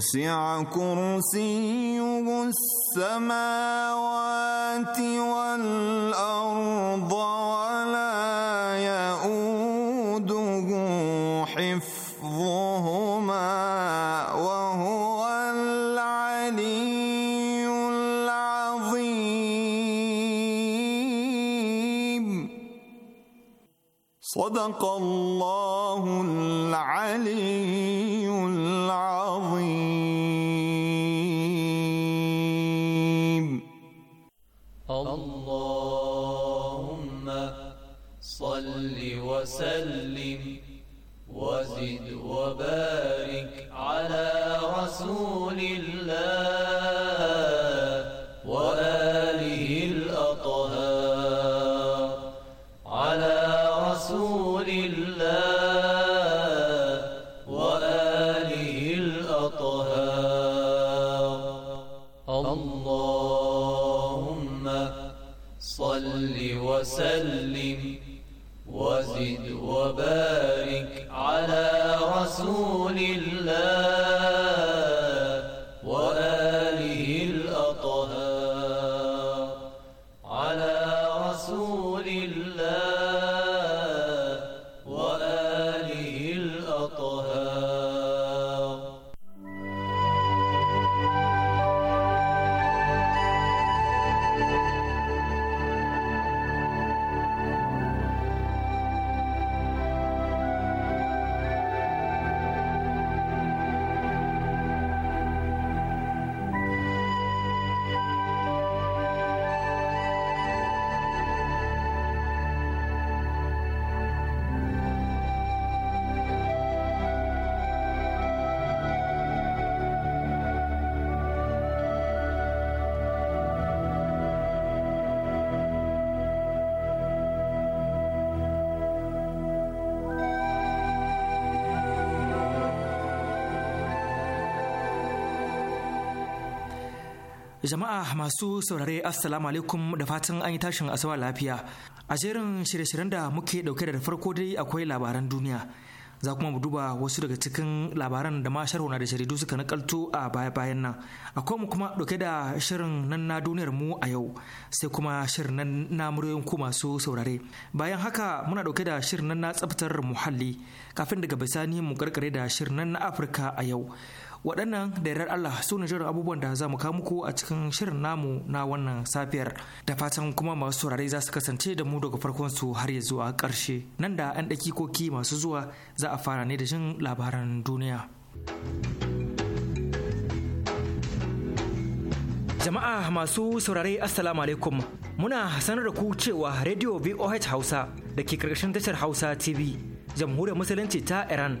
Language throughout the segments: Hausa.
وسع كرسيه السماوات Jama'a masu saurare Assalamu alaikum da fatan an yi tashin asawa lafiya. A jerin shirye-shiryen da muke dauke da farko dai akwai labaran duniya. Za kuma mu duba wasu daga cikin labaran da ma sharhuna da jaridu suka nakalto a baya-bayan nan. Akwai mu kuma dauke da shirin nan na duniyar mu a yau sai kuma shirin nan na muryoyin ku masu saurare. Bayan haka muna dauke da shirin nan na tsaftar muhalli kafin daga bisani mu karkare da shirin nan na Afirka a yau. waɗannan da yarar Allah su ne abubuwan da za mu kawo muku a cikin shirin namu na wannan safiyar da fatan kuma masu saurare za su kasance da mu daga farkon su har ya zuwa ƙarshe nan da an ɗaki koki masu zuwa za a fara ne da jin labaran duniya jama'a masu saurare assalamu alaikum muna sanar da ku cewa radio voh hausa da ke karkashin tashar hausa tv jamhuriyar musulunci ta iran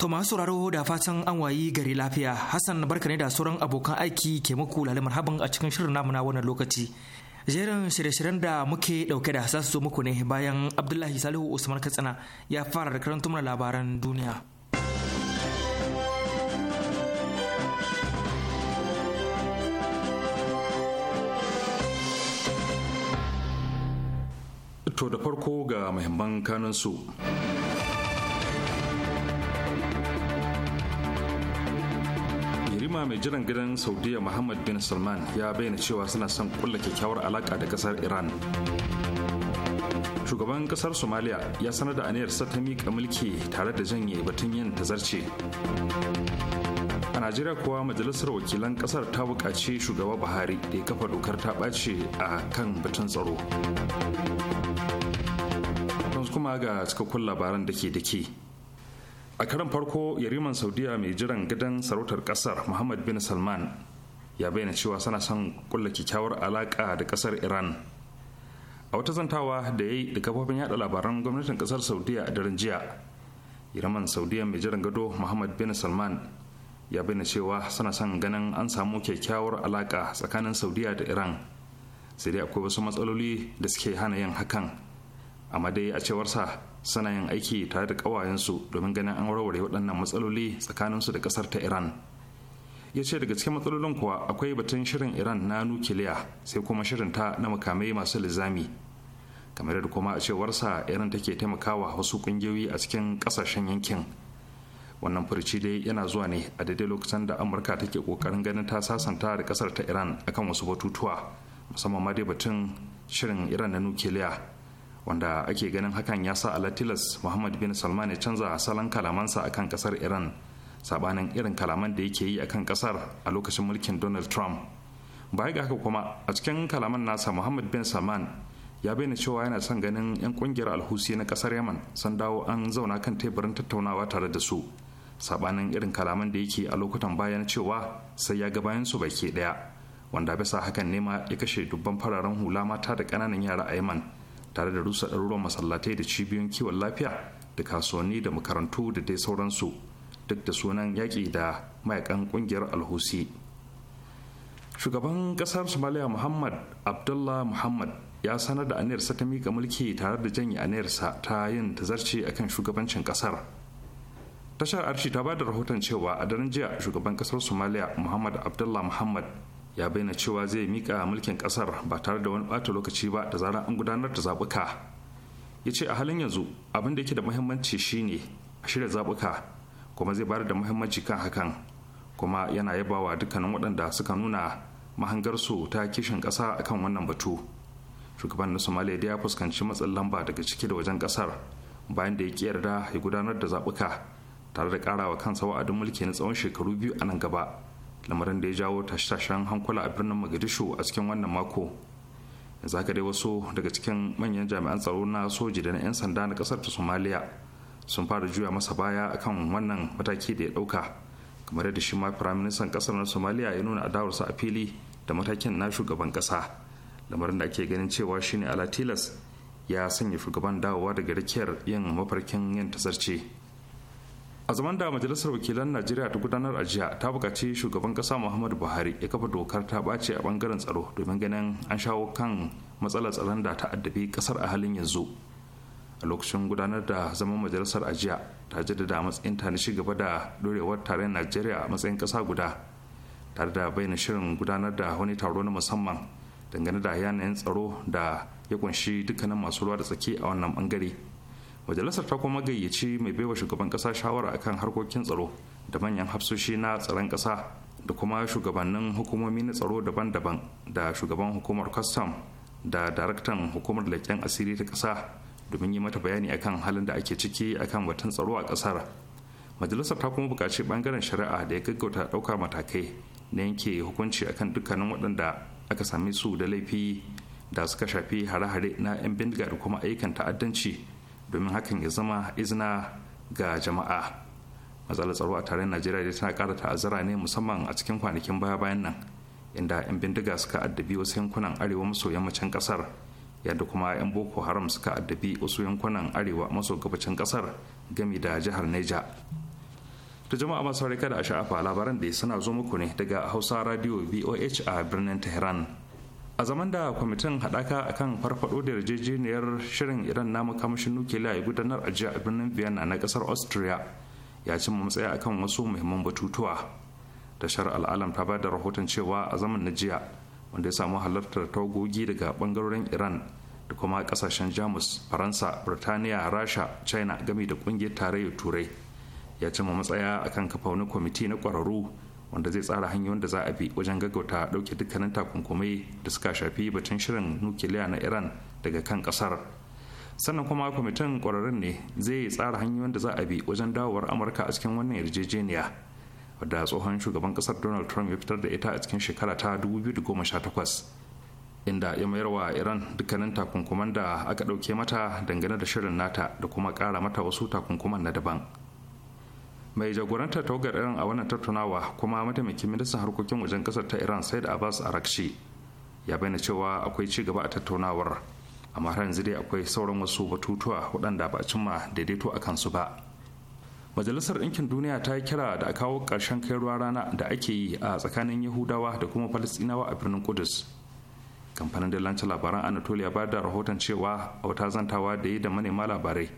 To masu sauraro da fatan an wayi gari lafiya Hassan barka ne da sauran abokan aiki ke muku lalle haban a cikin shirin namu na wannan lokaci. Jerin shirye-shiryen da muke dauke da za su muku ne bayan Abdullahi Salihu Usman Katsina ya fara da karanta labaran duniya. To da farko ga muhimman kanunsu. su. Halima mai jiran gidan saudiya muhammad bin salman ya bayyana cewa suna son kulla kyakkyawar alaka da kasar iran shugaban kasar somalia ya sanar da sa ta miƙa mulki tare da janye batun yin tazarce a najeriya kuwa majalisar wakilan kasar ta buƙaci shugaba buhari da ya kafa dokar ta ɓace a kan batun tsaro kuma ga cikakkun labaran da ke da ke a karan farko yariman saudiya mai jiran gidan sarautar kasar muhammad bin salman ya bayyana cewa sana son kulla kyakkyawar alaka da kasar iran a wata zantawa da ya yi da kafofin yada labaran gwamnatin kasar saudiya a daren jiya yariman saudiya mai jiran gado muhammad bin salman ya bayyana cewa sana son ganin an samu kyakkyawar alaka tsakanin saudiya da iran sai dai akwai wasu matsaloli da suke hana yin hakan amma dai a cewarsa sana yin aiki tare da kawayensu domin ganin an warware waɗannan matsaloli tsakaninsu da ƙasar ta iran ya ce daga cikin matsalolin kuwa akwai batun shirin iran na nukiliya sai kuma shirin ta na makamai masu lizami kamar da kuma a cewarsa iran take taimakawa wasu ƙungiyoyi a cikin ƙasashen yankin wannan furci dai yana zuwa ne a daidai lokacin da amurka take ƙoƙarin ganin ta sasanta da ƙasar ta iran akan wasu batutuwa musamman ma dai batun shirin iran na nukiliya wanda ake ganin hakan ya sa alatilas muhammad bin salman ya canza salon kalamansa akan kasar iran sabanin irin kalaman da yake yi akan kasar a lokacin mulkin donald trump baya ga haka kuma a cikin kalaman nasa muhammad bin salman ya bayyana cewa yana son ganin 'yan kungiyar alhusi na kasar yaman sun dawo an zauna kan teburin tattaunawa tare da su sabanin irin kalaman da yake a lokutan bayan cewa sai ya ga bayan su baki daya wanda bisa hakan nema ya kashe dubban fararen hula mata da ƙananan yara a yaman tare da rusa ɗaruruwan masallatai da cibiyoyin kiwon lafiya da kasuwanni da makarantu da dai sauransu duk da sunan yaƙi da mayakan ƙungiyar alhusi shugaban ƙasar somaliya muhammad abdullah muhammad ya sanar da aniyarsa ta miƙa mulki tare da janye aniyarsa ta yin a kan shugabancin ƙasar tashar arshi ta ba da rahoton cewa a daren jiya shugaban ƙasar somaliya muhammad abdullah muhammad ya bayyana cewa zai mika mulkin kasar ba tare da wani bata lokaci ba da zarar an gudanar da zaɓuka ya ce a halin yanzu abin da yake da muhimmanci shine a shirya zaɓuka kuma zai bayar da muhimmanci kan hakan kuma yana yabawa dukkanin waɗanda suka nuna mahangarsu ta kishin ƙasa akan wannan batu shugaban na somalia ya fuskanci matsin lamba daga ciki da wajen ƙasar bayan da ya ƙi yarda ya gudanar da zaɓuka tare da ƙarawa kansa wa'adin mulki na tsawon shekaru biyu a nan gaba lamarin da ya jawo tashe-tashen hankula a birnin mogadishu a cikin wannan mako yanzu haka dai wasu daga cikin manyan jami'an tsaro na soji da na 'yan sanda na kasar ta somaliya sun fara juya masa baya akan wannan mataki da ya dauka kamar yadda shi ma firaministan kasar na somaliya ya nuna adawarsa a fili da matakin na shugaban kasa lamarin da ake ganin cewa shine ala tilas ya sanya shugaban dawowa daga rikiyar yin mafarkin yin tasarce a zaman da majalisar wakilan najeriya ta gudanar a jiya ta bukaci shugaban ƙasa muhammadu buhari ya kafa dokar ta ɓace a bangaren tsaro domin ganin an shawo kan matsalar tsaron da ta addabi ƙasar a halin yanzu a lokacin gudanar da zaman majalisar a jiya ta jaddada matsayin ta na gaba da dorewar tarayyar najeriya a matsayin ƙasa guda tare da bayyana shirin gudanar da wani taro na musamman dangane da yanayin tsaro da ya kunshi dukkanin masu ruwa da tsaki a wannan bangare majalisar ta kuma gayyaci mai baiwa shugaban kasa shawara akan harkokin tsaro da manyan hafsoshi na tsaron kasa da kuma shugabannin hukumomi na tsaro daban-daban da shugaban hukumar kwastam da daraktan hukumar leƙen asiri ta kasa domin yi mata bayani akan halin da ake ciki akan batun tsaro a kasar majalisar ta kuma buƙaci bangaren shari'a da ya gaggauta ɗaukar matakai na yanke hukunci akan dukkanin waɗanda aka same su da laifi da suka shafi hare-hare na 'yan bindiga da kuma ayyukan ta'addanci domin hakan ya zama izina ga jama'a matsalar tsaro a tarayyar najeriya dai tana kara ta'azzara ne musamman a cikin kwanakin baya bayan nan inda 'yan bindiga suka addabi wasu yankunan arewa maso yammacin kasar. yadda kuma 'yan boko haram suka addabi wasu yankunan arewa maso gabacin kasar. gami da jihar neja ta jama'a masu kada a sha'afa labaran da suna zo muku ne daga hausa radio voh a birnin tehran a zaman da kwamitin haɗaka akan farfaɗo da yarjejeniyar shirin iran na makamashin nukiliya ya gudanar a jiya a birnin vienna na ƙasar austria ya cimma matsaya akan wasu muhimman batutuwa tashar al'alam ta bada rahoton cewa a zaman na jiya wanda ya samu halartar tagogi daga bangarorin iran da kuma kasashen jamus faransa birtaniya rasha china gami da ƙungiyar tarayyar turai ya cimma matsaya akan kafa wani kwamiti na kwararru wanda zai tsara hanyoyin da za a bi wajen gaggauta dauke dukkanin takunkumai da suka shafi batun shirin nukiliya na iran daga kan kasar sannan kuma kwamitin kwararren ne zai tsara hanyoyin da za a bi wajen dawowar amurka a cikin wannan yarjejeniya wadda tsohon shugaban kasar donald trump ya fitar da ita a cikin shekara ta 2018 inda ya mayar wa iran dukkanin takunkuman da aka dauke mata dangane da shirin nata da kuma kara mata wasu takunkuman na daban mai jagorantar tawagar iran a wannan tattaunawa kuma mataimakin ministan harkokin wajen kasar ta iran said abbas arakshi ya bayyana cewa akwai ci gaba a tattaunawar amma har yanzu dai akwai sauran wasu batutuwa waɗanda ba a cimma daidaito a kansu ba majalisar ɗinkin duniya ta yi kira da a kawo ƙarshen kai ruwa rana da ake yi a tsakanin yahudawa da kuma falastinawa a birnin kudus kamfanin dillancin labaran anatolia ba da rahoton cewa a wata zantawa da yi da manema labarai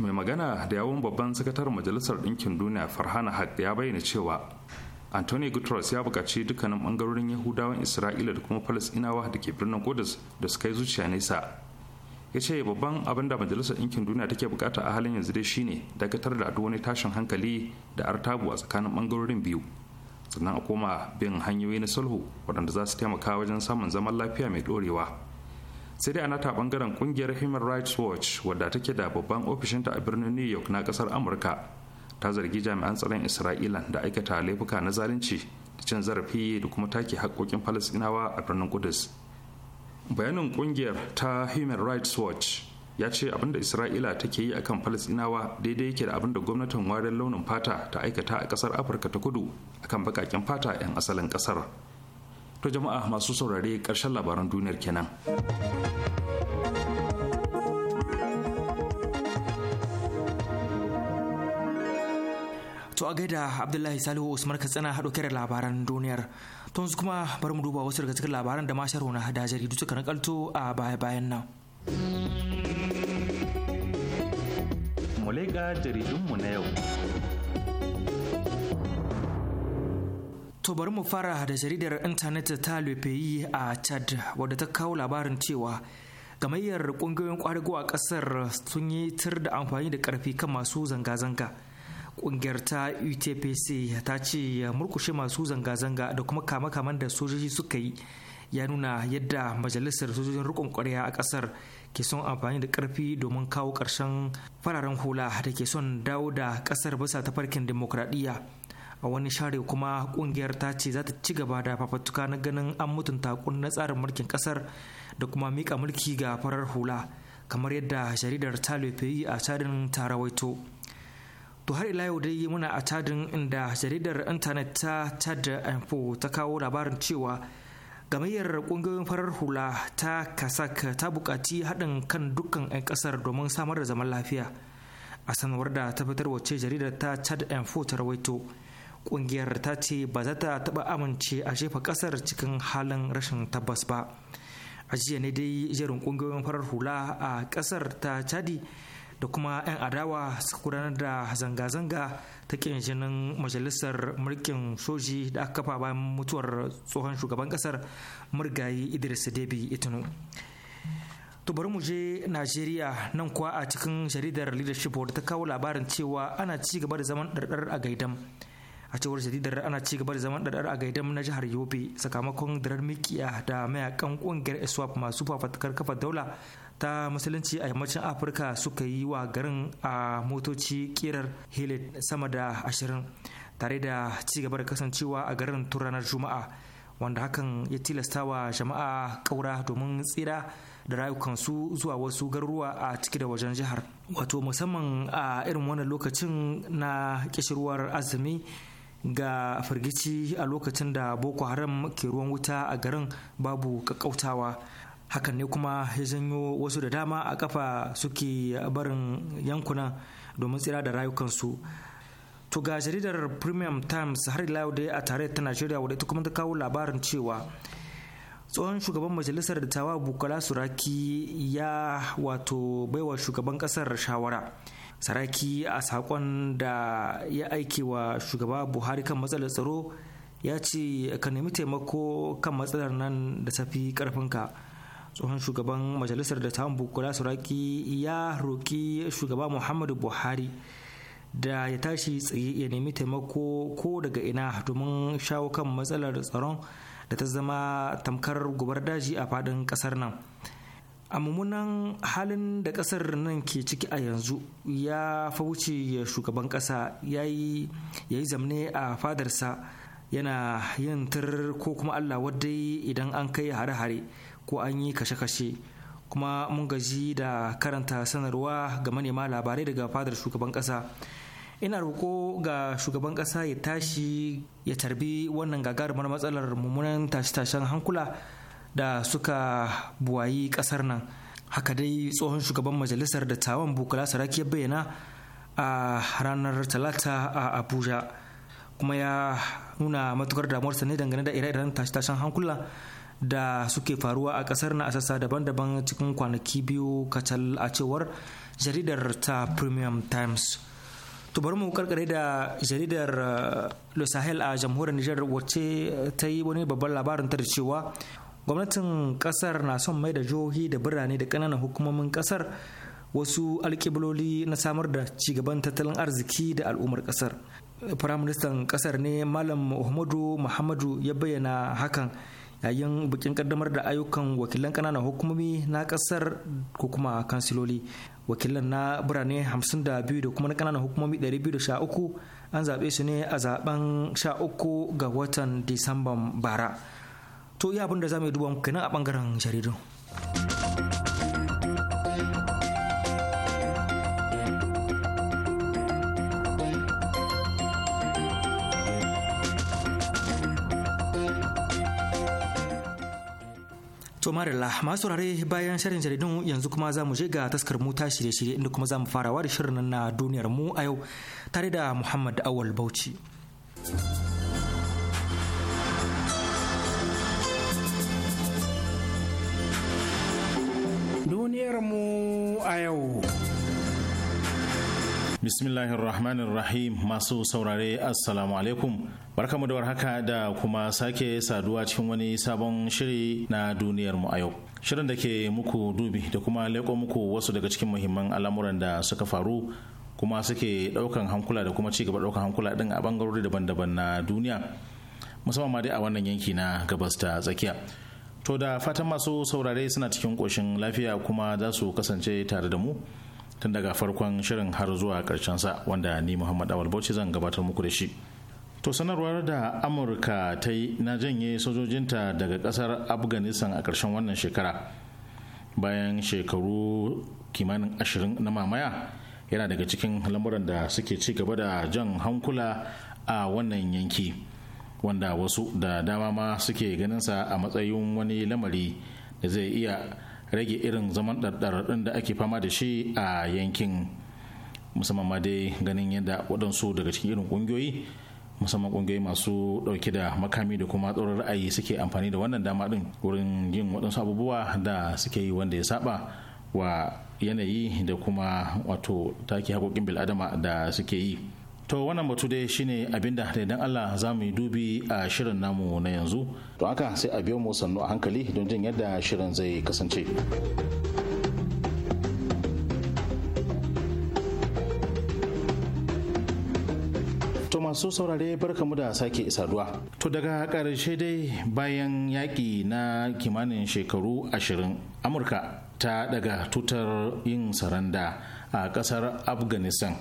mai magana da yawon babban sakataren majalisar ɗinkin duniya farhana haq ya bayyana cewa anthony guterres ya buƙaci dukkanin ɓangarorin yahudawan isra'ila da kuma falasɗinawa da ke birnin kudus da suka yi zuciya nesa ya ce babban abin da majalisar ɗinkin duniya take buƙata a halin yanzu dai shine dakatar da duk wani tashin hankali da artabu a tsakanin ɓangarorin biyu sannan a koma bin hanyoyi na sulhu waɗanda za su taimaka wajen samun zaman lafiya mai ɗorewa sai dai ana ta bangaren kungiyar human rights watch wadda take da babban ofishinta a birnin new york na kasar amurka ta zargi jami'an tsaron isra'ila da aikata laifuka na zalunci da cin zarafi da kuma take haƙƙoƙin falastinawa a birnin kudus bayanin kungiyar ta human rights watch ya ce abinda isra'ila take yi akan falasinawa daidai yake da abinda gwamnatin warin launin fata ta aikata a kasar afirka ta kudu akan bakakin fata 'yan asalin kasar to jama'a masu saurare ƙarshen labaran duniyar kenan to a gaida abdullahi salihu usman katsina haɗo da labaran duniyar to yanzu kuma bari mu duba wasu daga cikin labaran da mashar na da jaridu suka nakalto a baya-bayan nan mu leƙa jaridunmu na yau To bari mu fara da jaridar intanet ta yi a Chad wadda ta kawo labarin cewa gamayyar ƙungiyoyin ƙwadago a ƙasar sun yi tir da amfani da karfi kan masu zanga-zanga. Ƙungiyar ta UTPC ta ce murkushe masu zanga-zanga da kuma kama-kaman da sojoji suka yi ya nuna yadda majalisar sojojin rukun kwarya a ƙasar ke son amfani da ƙarfi domin kawo ƙarshen fararen hula da ke son dawo da ƙasar bisa tafarkin dimokuraɗiyya. a wani share kuma kungiyar ta ce za ta ci gaba da fafatuka na ganin an mutunta kunna tsarin mulkin kasar da kuma mika mulki ga farar hula kamar yadda jaridar ta yi a tadin ta rawaito to har ila yau dai muna a tadin inda jaridar intanet ta tad info ta kawo labarin cewa gamayyar kungiyoyin farar hula ta kasak ta bukaci haɗin kan dukkan 'yan ƙasar domin samar da zaman lafiya a sanarwar da ta fitar wace jaridar ta chad info ta rawaito kungiyar ta ce ba za ta taba amince a jefa kasar cikin halin rashin tabbas ba a jiya ne dai jerin kungiyoyin farar hula a kasar ta chadi da kuma 'yan adawa suka gudanar da zanga-zanga ta kin jinin majalisar mulkin soji da aka kafa bayan mutuwar tsohon shugaban kasar murgayi idris debi itinu To bari mu je Najeriya nan kuwa a cikin jaridar leadership wadda ta kawo labarin cewa ana ci gaba da zaman ɗarɗar a gaidan. a cewar jaridar ana ci gaba da zaman ɗaɗar a gaidan na jihar yobe sakamakon darar mikiya da mayakan ƙungiyar iswap masu fafatakar kafa daula ta musulunci a yammacin afirka suka yi wa garin a motoci kirar hilid sama da ashirin tare da ci gaba da kasancewa a garin Turanar juma'a wanda hakan ya tilasta wa jama'a kaura domin tsira da rayukansu zuwa wasu garuruwa a ciki da wajen jihar wato musamman a irin wannan lokacin na kishirwar azumi ga firgici a lokacin da boko haram ke ruwan wuta a garin babu kakkautawa hakan ne kuma ya janyo wasu da dama a kafa suke barin yankunan domin tsira da rayukansu to ga jaridar premium times har ila dai a tare ta najeriya wadda ita kuma ta kawo labarin cewa tsohon shugaban majalisar tawa bukola suraki ya wato baiwa shugaban kasar shawara saraki a sakon da ya aiki wa shugaba buhari kan matsalar tsaro ya ce ka nemi taimako kan matsalar nan da safi karfinka tsohon shugaban majalisar da ta bukula saraki ya roƙi shugaba muhammadu buhari da ya tashi tsaye ya nemi taimako ko daga ina domin shawo kan matsalar tsaron da ta zama tamkar gubar daji a faɗin ƙasar nan. a mummunan halin da kasar nan ke ciki a yanzu ya fauce shugaban kasa ya yi zamne a fadarsa yana yin tur ko kuma allah wadai idan an kai hare-hare ko an yi kashe-kashe kuma mun gaji da karanta sanarwa ga manema labarai daga fadar shugaban kasa ina roko ga shugaban kasa ya tashi ya tarbi wannan gagarumar matsalar mummunan tashe-tashen hankula da suka buwayi kasar nan haka dai tsohon shugaban majalisar dattawan bukula saraki ya bayyana a ranar talata a abuja kuma ya nuna matukar damuwarsa ne dangane da ire-iren tashe-tashen hankula da suke faruwa a kasar na a sassa daban-daban cikin kwanaki biyu kacal a cewar jaridar ta premium times to bari mu karkare da jaridar eh, le a jamhuriyar niger wacce ta yi wani babban labarin ta da cewa gwamnatin kasar na son mai da jihohi da birane da ƙananan hukumomin kasar wasu alƙibloli na samar da cigaban tattalin arziki da al'ummar kasar firaministan kasar ne malam muhammadu muhammadu ya bayyana hakan yayin bikin kaddamar da ayyukan wakilan ƙananan hukumomi na kasar ko kuma kansiloli wakilan na birane 52 da kuma na ƙananan hukumomi 213 an zaɓe su ne a zaɓen 13 ga watan disamban bara to ya abin da za mu yi duba a kenan a bangaren jaridun To marilla masu rare bayan shirin jaridun yanzu kuma za mu je ga taskar mota shirye-shirye inda kuma za mu farawa da shirin na duniyar mu a yau tare da Muhammad Awal Bauchi. duniyarmu a yau. Bismillahirrahmanirrahim masu saurare Assalamu alaikum. Barkamu da warhaka da kuma sake saduwa cikin wani sabon shiri na duniyarmu a yau. Shirin da ke muku dubi da kuma leko muku wasu daga cikin muhimman al'amuran da suka faru kuma suke daukan hankula da kuma ci gaba daukan hankula din a bangarori daban-daban na duniya. Musamman ma dai a wannan yanki na gabas ta tsakiya. To da fatan masu saurare suna cikin ƙoshin lafiya kuma za su kasance tare da mu tun daga farkon shirin har zuwa ƙarshen sa wanda ni Muhammad Awal Bauchi zan gabatar muku da shi. To sanarwar da Amurka ta yi na janye sojojinta daga ƙasar Afghanistan a ƙarshen wannan shekara bayan shekaru kimanin ashirin na mamaya yana daga cikin lamuran da suke ci gaba da jan hankula a wannan yanki. wanda wasu da dama ma suke ganinsa a matsayin wani lamari da zai iya rage irin zaman ɗarɗarɗin da ake fama da shi a yankin musamman ma dai ganin yadda waɗansu daga cikin irin ƙungiyoyi musamman ƙungiyoyi masu ɗauke da makami da kuma tsoron ra'ayi suke amfani da wannan dama ɗin wurin yin waɗansu abubuwa da suke yi wanda ya saba wa yanayi da kuma wato take haƙoƙin bil'adama da suke yi. To wannan batu dai shine abinda da idan Allah za mu yi dubi a shirin namu na yanzu. To haka sai a biyo mu sannu a hankali don jin yadda shirin zai kasance. masu saurare barkamu da sake saduwa. To daga ƙarshe dai bayan yaƙi na kimanin shekaru ashirin Amurka ta daga tutar yin saranda a ƙasar Afghanistan.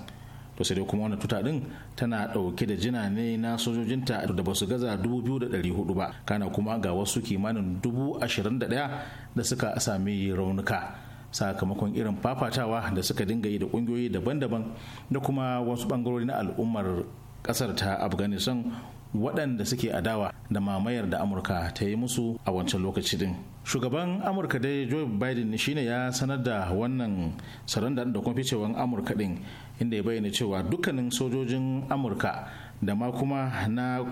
to sai dai kuma wannan tuta din tana dauke da jina ne na sojojinta da basu gaza dubu hudu ba kana kuma ga wasu kimanin dubu 21,000 da suka sami raunuka sakamakon irin fafatawa da suka dinga yi da kungiyoyi daban-daban da kuma wasu bangarori na al'ummar kasar ta afghanistan waɗanda suke adawa da mamayar da amurka ta yi musu a wancan lokaci din shugaban amurka dai joe biden shine ya sanar da wannan saranda da kuma ficewan amurka din inda ya bayyana cewa dukkanin sojojin amurka da ma kuma na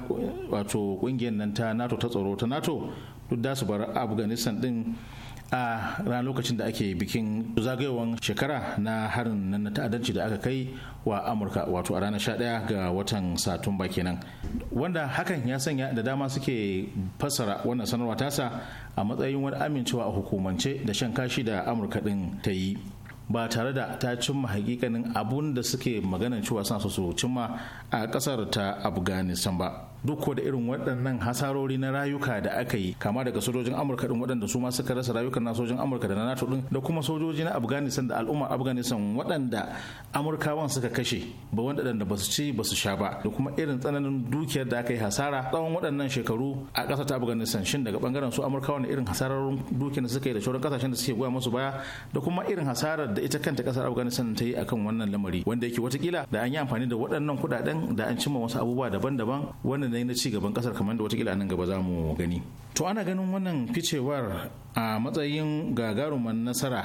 wato kungiyar nan ta nato ta tsaro ta nato duk da su bar afghanistan din a ran lokacin da ake bikin zagayowar shekara na harin nan na ta'addanci da aka kai wa amurka wato a ranar 11 ga watan satumba kenan wanda hakan ya sanya da dama suke fassara wannan sanarwa tasa a matsayin wani amincewa a hukumance da shan kashi da amurka din ta yi ba tare da ta cimma hakikanin abun da suke maganan cewa suna su cimma a kasar ta afghanistan ba duk da irin waɗannan hasarori na rayuka da aka yi kama daga sojojin amurka din waɗanda su ma suka rasa rayukan na sojojin amurka da na nato din da kuma sojoji na afghanistan da al'umma afghanistan waɗanda amurkawan suka kashe ba waɗanda ba su ci ba su sha ba da kuma irin tsananin dukiyar da aka yi hasara tsawon waɗannan shekaru a ƙasar ta afghanistan shin daga bangaren su amurkawan irin hasararun dukiyar da suka yi da sauran kasashen da suke goya musu baya da kuma irin hasarar da ita kanta ƙasar afghanistan ta yi akan wannan lamari wanda yake watakila da an yi amfani da waɗannan kuɗaɗen da an cimma wasu abubuwa daban-daban wanda ne na ci gaban kasar kamar da watakila nan gaba za mu gani to ana ganin wannan ficewar a matsayin gagarumar nasara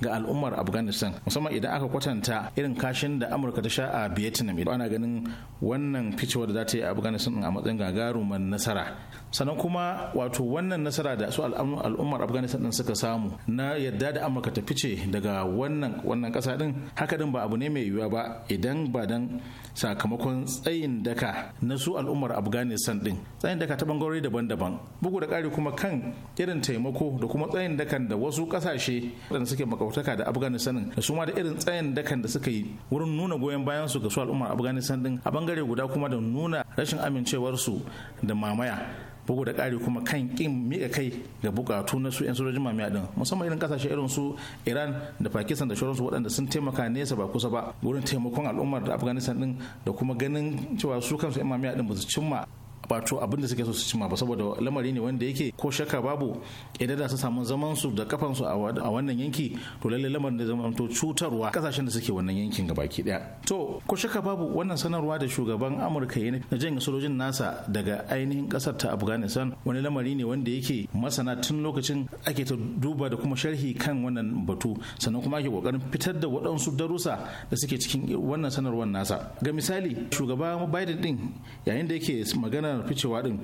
ga al'ummar afghanistan musamman idan aka kwatanta irin kashin da amurka ta sha a vietnam ana ganin wannan ficewar da za ta yi a afghanistan a matsayin gagarumar nasara sannan kuma wato wannan nasara da su al'ummar afghanistan din suka samu na yadda da amurka ta fice daga wannan wannan kasa din haka din ba abu ne mai yiwuwa ba idan ba dan sakamakon tsayin daka na su al'ummar afghanistan din tsayin daka ta bangarori daban-daban bugu da ƙari kuma kan irin taimako da kuma tsayin dakan da wasu kasashe waɗanda suke makautaka da afghanistan da su ma da irin tsayin dakan da suka yi wurin nuna goyon bayan su ga su al'ummar afghanistan din a bangare guda kuma da nuna rashin amincewarsu da mamaya bugu da ƙari kuma kan ƙin miƙa kai ga buƙatu na su 'yan sojojin mamaya din musamman irin ƙasashe irin su iran da pakistan da shauransu waɗanda sun taimaka nesa ba kusa ba wurin taimakon al'ummar da afghanistan din da kuma ganin cewa su kansu 'yan din ba su cimma wato abin da suke so su cima ba saboda lamari ne wanda yake ko shakka babu idan da su samu zaman su da kafan su a wannan yanki to lalle lamarin da zama to cutarwa kasashen da suke wannan yankin gabaki daya to ko shakka babu wannan sanarwa da shugaban Amurka ya na jin sojojin nasa daga ainihin kasar ta Afghanistan wani lamari ne wanda yake masana tun lokacin ake ta duba da kuma sharhi kan wannan batu sannan kuma ake kokarin fitar da waɗansu darussa da suke cikin wannan sanarwar nasa ga misali shugaba Biden din yayin da yake magana wannan ficewa din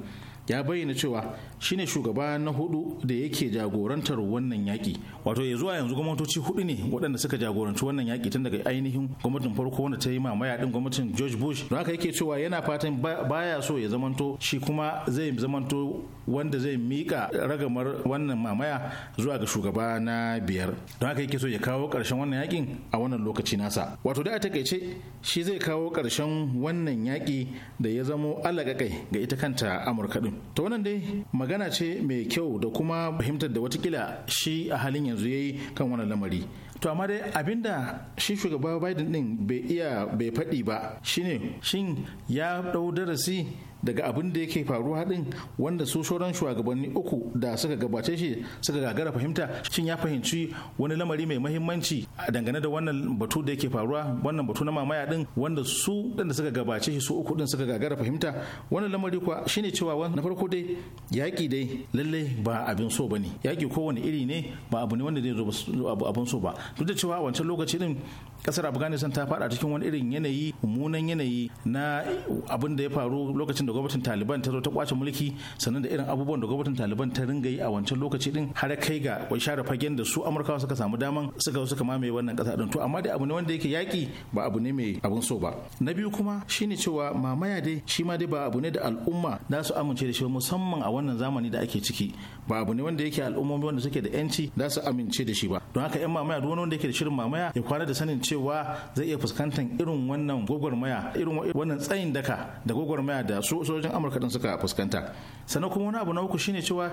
ya bayyana cewa shine shugaba na hudu da yake jagorantar wannan yaki wato ya zuwa yanzu gwamnatoci hudu ne waɗanda suka jagoranci wannan yaki tun daga ainihin gwamnatin farko wanda ta yi mamaya din gwamnatin George Bush don haka yake cewa yana fatan baya so ya zamanto shi kuma zai zamanto wanda zai mika ragamar wannan mamaya zuwa ga shugaba na biyar don haka yake so ya kawo ƙarshen wannan yakin a wannan lokaci nasa wato da a takaice shi zai kawo ƙarshen wannan yaki da ya zamo alaƙaƙai ga ita kanta Amurka din to wannan dai magana ce mai kyau da kuma fahimtar da wata kila shi a halin yanzu ya yi kan wannan lamari to amma dai abinda shi shugaba biden din bai iya bai faɗi ba shine shin ya ɗau darasi daga abin da yake faruwa haɗin wanda su sauran shugabanni uku da suka gabace shi suka gagara fahimta shin ya fahimci wani lamari mai mahimmanci a dangane da wannan batu da yake faruwa wannan batu na mamaya din wanda su da suka gabace shi su uku din suka gagara fahimta wannan lamari kuwa shine cewa na farko dai yaƙi dai lalle ba abin so bane yaƙi kowane iri ne ba abu ne wanda zai zo abin so ba duk da cewa a wancan lokaci din kasar afghanistan ta fada cikin wani irin yanayi mummunan yanayi na abin da ya faru lokacin da gwamnatin taliban ta zo ta kwace mulki sannan da irin abubuwan da gwamnatin taliban ta ringa yi a wancan lokaci din har kai ga share fagen da su amurkawa suka samu daman suka suka mamaye wannan kasa din to amma dai abu ne wanda yake yaki ba abu ne mai abun so ba na biyu kuma shine cewa mamaya dai shi ma dai ba abu ne da al'umma za su amince da shi musamman a wannan zamani da ake ciki ba abu ne wanda yake al'ummomi wanda suke da yanci za su amince da shi ba don haka yan mamaya duk wanda yake da shirin mamaya ya kwana da sanin cewa zai iya fuskantar irin wannan gwagwarmaya irin wannan tsayin daka da gwagwarmaya da su sojojin amurka din suka fuskanta sannan kuma wani abu na uku shine cewa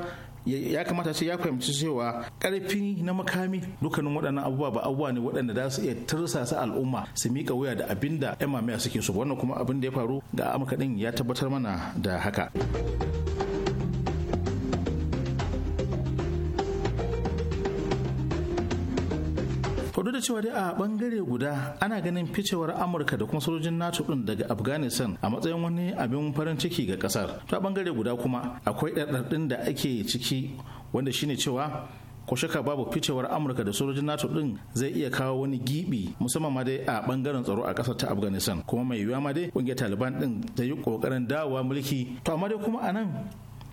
ya kamata ce ya fahimci cewa karfi na makami dukkanin waɗannan abubuwa ba abubuwa ne waɗanda za su iya tursasa al'umma su miƙa wuya da abin da 'yan mamaya suke so wannan kuma abin da ya faru ga amurka din ya tabbatar mana da haka. duk da cewa dai a bangare guda ana ganin ficewar amurka da kuma sojojin nato din daga afghanistan a matsayin wani abin farin ciki ga kasar ta bangare guda kuma akwai ɗin da ake ciki wanda shine cewa ko shaka babu ficewar amurka da sojojin nato din zai iya kawo wani gibi musamman ma dai a bangaren tsaro a kasar ta afghanistan kuma mai yiwuwa ma dai kungiyar taliban din zai yi kokarin dawowa mulki to amma dai kuma a nan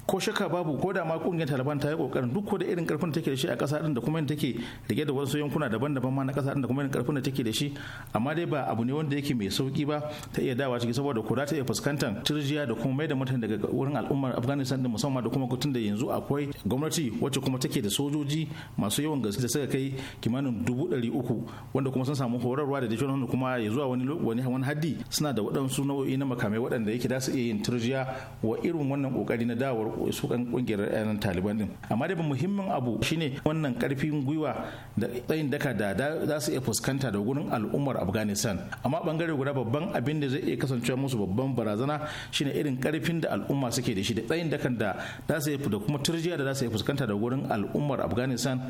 ko shaka babu ko da ma kungiyar taliban ta yi kokarin duk da irin karfin da take da shi a kasa din da kuma yadda take rike da wasu yankuna daban-daban ma na kasa din da kuma irin karfin da take da shi amma dai ba abu ne wanda yake mai sauki ba ta iya dawa ciki saboda ko ta iya fuskantar turjiya da kuma mai da mutane daga wurin al'ummar afghanistan da musamman da kuma kutun da yanzu akwai gwamnati wacce kuma take da sojoji masu yawan gaske da suka kai kimanin dubu ɗari uku wanda kuma sun samu horarwa da dajiyar wanda kuma ya zuwa wani wani haddi suna da waɗansu nau'o'i na makamai waɗanda yake da su iya yin turjiya wa irin wannan kokari na dawowar su kungiyar yan eh, taliban din amma dai muhimmin abu shine wannan karfin gwiwa da tsayin daka da za su iya fuskanta da gurin al'ummar afghanistan amma bangare guda babban abin da zai iya kasancewa musu babban barazana shine irin karfin da al'umma suke da shi da tsayin dakan da za su da kuma turjiya da za su iya fuskanta da gurin al'ummar afghanistan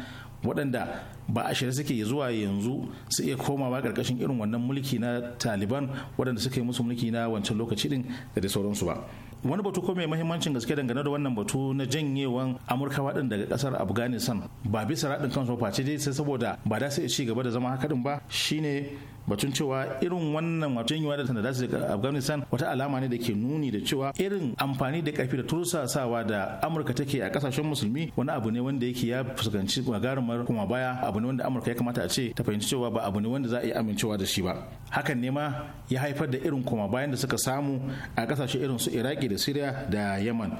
waɗanda ba a shirye suke zuwa yanzu su iya komawa ƙarƙashin irin wannan mulki na taliban waɗanda suka yi musu mulki na wancan lokaci din da dai sauransu ba wani batu ko mai mahimmancin gaske dangane da wannan batu na janyewan amurkawa din daga kasar afghanistan ba bisa raɗin kansu face dai sai saboda ba da sai ci gaba da zama haka ba shine batun cewa irin wannan wato yin da da su daga afghanistan wata alama ne da ke nuni da cewa irin amfani da karfi da tursasawa da amurka take a kasashen musulmi wani abu ne wanda yake ya fuskanci gagarumar kuma baya abu ne wanda amurka ya kamata a ce ta fahimci cewa ba abu ne wanda za a yi amincewa da shi ba hakan ne ma ya haifar da irin kuma bayan da suka samu a kasashe irin su iraki da syria da yaman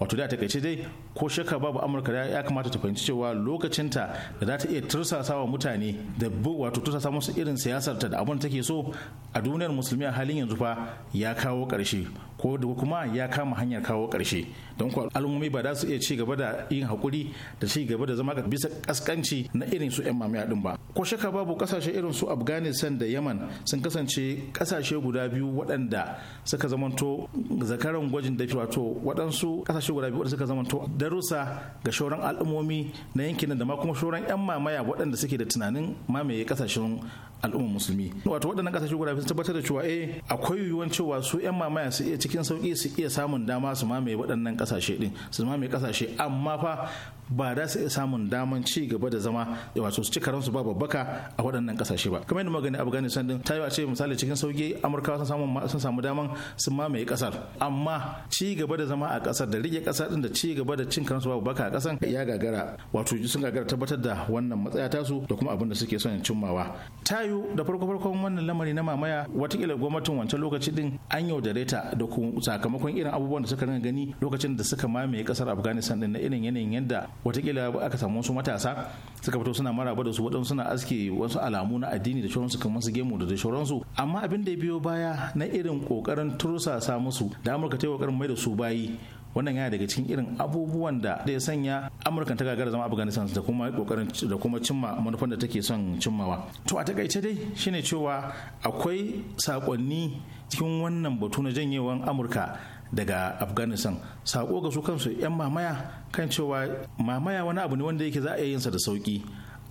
wato da takaice dai ko shakka babu amurka ya kamata ta fahimci cewa lokacinta da za ta iya tursasa wa mutane da wato tursasa musu irin siyasar ta da abin take so a duniyar musulmi a halin yanzu fa ya kawo karshe ko da kuma ya kama hanyar kawo karshe don kuwa al'ummomi ba za su iya ci gaba da yin hakuri da ci gaba da zama bisa kaskanci na irin su 'yan mamaya din ba ko shakka babu kasashe irin su afghanistan da yaman sun kasance kasashe guda biyu waɗanda suka zamanto zakaran gwajin dafi wato waɗansu kasashe su guda biyu suka zama darussa ga shauran al'ummomi na yankin da ma kuma shauran 'yan mamaya waɗanda suke da tunanin mamaye kasashen al'ummar musulmi wato waɗannan ƙasashe guda sun tabbatar da cewa eh akwai yiwuwar cewa su 'yan mamaya su iya cikin sauƙi su iya samun dama su mamaye waɗannan ƙasashe ɗin su mamaye ƙasashe amma fa ba da su iya samun daman ci gaba da zama da wato su cika ransu ba babbaka a waɗannan ƙasashe ba kamar yadda magani afghanistan din ta yi a ce misali cikin sauki amurkawa sun samu sun samu daman su mamaye ƙasar amma ci gaba da zama a ƙasar da rike ƙasar din da ci gaba da cin karansu ba babbaka a ƙasar ya gagara wato sun gagara tabbatar da wannan matsaya tasu da kuma abin da suke son cimmawa ta mayu da farko farkon wannan lamari na mamaya watakila gwamnatin wancan lokaci din an yaudare ta da sakamakon irin abubuwan da suka rinka gani lokacin da suka mamaye kasar afghanistan din na irin yanayin yadda watakila aka samu wasu matasa suka fito suna maraba da su waɗansu suna aske wasu alamu na addini da shauransu kamar su gemu da shauransu amma abin da ya biyo baya na irin kokarin tursasa musu da amurka ta yi kokarin mai da su bayi wannan yana daga cikin irin abubuwan da ya sanya amurka ta gagara zama afghanistan da kuma kokarin da kuma cimma manufan da take son cimmawa to a takaice dai shine cewa akwai sakonni cikin wannan batu na janyewan amurka daga afghanistan sako ga su kansu 'yan mamaya kan cewa mamaya wani abu ne wanda yake za a yin sa da sauki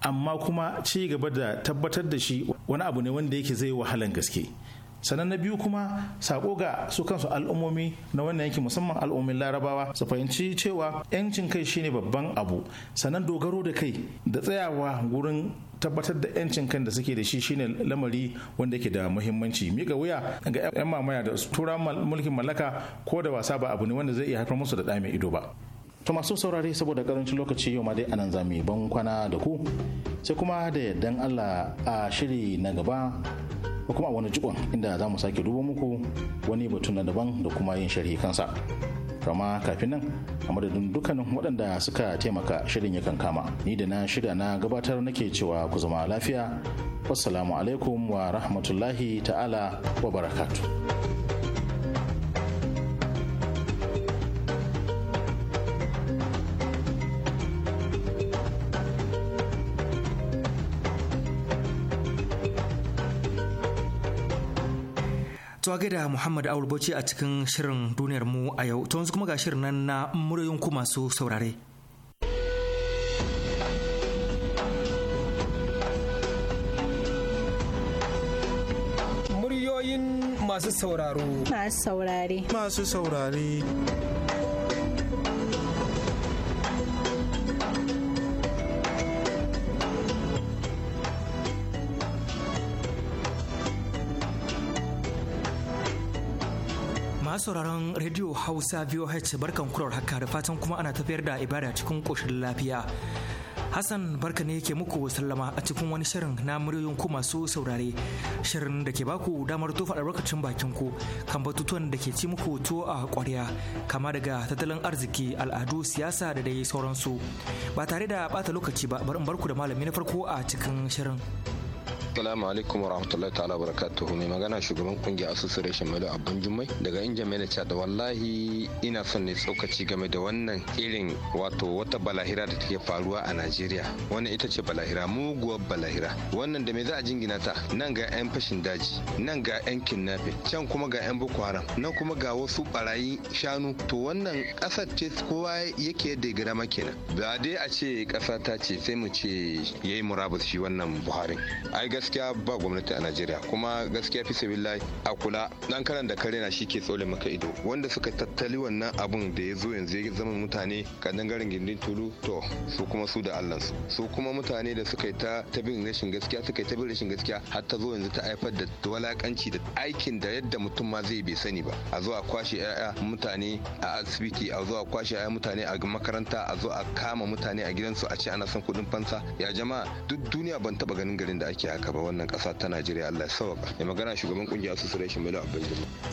amma kuma ci gaba da tabbatar da shi wani abu ne wanda yake zai wahalan gaske sannan na biyu kuma sako ga su kansu al'ummomi na wannan yankin musamman al'ummin larabawa su fahimci cewa 'yancin kai shine babban abu sannan dogaro da kai da tsayawa gurin tabbatar da 'yancin kan da suke da shi shine lamari wanda yake da muhimmanci miƙa wuya ga 'yan mamaya da tura mulkin mallaka ko da wasa ba abu ne wanda zai iya haifar musu da ɗame ido ba to masu saurare saboda karancin lokaci yau ma dai anan zami ban kwana da ku sai kuma da yardan allah a shiri na gaba ko kuma wani jikon inda za mu sake duba muku wani batun na daban da kuma yin sharhi kansa kama kafin nan a madadin dukkanin waɗanda suka taimaka shirin yakan kama ni da na shirya na gabatar nake cewa ku zama lafiya wassalamu alaikum wa rahmatullahi ta'ala wa barakatu. To da Muhammad Awul Bauchi a cikin shirin duniyar mu a yau. To yanzu kuma ga shirin nan na muryoyin ku masu saurare. Muryoyin masu sauraro. Masu saurare. Masu saurare. sauraron Radio Hausa VOH barkan kurar haka da fatan kuma ana tafiyar da ibada cikin koshin lafiya. Hassan barka ne ke muku sallama a cikin wani shirin na muryoyin ku masu saurare. Shirin da ke baku damar tofa albarkacin bakin ku kan batutuwan da ke ci muku tuwo a ƙwarya kama daga tattalin arziki, al'adu, siyasa da dai sauransu. Ba tare da bata lokaci ba bar in barku da malami na farko a cikin shirin. Assalamu alaikum warahmatullahi ta'ala barakatuhu mai magana shugaban kungiyar asusun reshen malo abin Jummai daga Inja Mele da wallahi ina son ne tsokaci game da wannan irin wato wata balahira da take faruwa a Najeriya wannan ita ce balahira muguwar balahira wannan da me za a jingina ta nan ga yan fashin daji nan ga yan kidnapping can kuma ga yan Boko Haram nan kuma ga wasu barayi shanu to wannan kasar ce kowa yake da girma kenan ba dai a ce kasa ta ce sai mu ce yayi murabus shi wannan Buhari ai gaskiya ba gwamnati a najeriya kuma gaskiya fi sabillahi a kula dan karan da kare na shi ke tsole maka ido wanda suka tattali wannan abun da ya zo yanzu ya zama mutane kadan garin gindin tulu to su kuma su da allah su su kuma mutane da suka yi ta tabin rashin gaskiya suka yi tabin rashin gaskiya har ta zo yanzu ta haifar da walakanci da aikin da yadda mutum ma zai bai sani ba a zo a kwashe 'ya'ya mutane a asibiti a zo a kwashe 'ya'ya mutane a makaranta a zo a kama mutane a gidansu a ce ana son kuɗin fansa ya jama'a duk duniya ban taba ganin garin da ake haka ba shugaban wannan kasa ta Najeriya Allah ya sauka mai magana shugaban kungiyar association Bello Abdul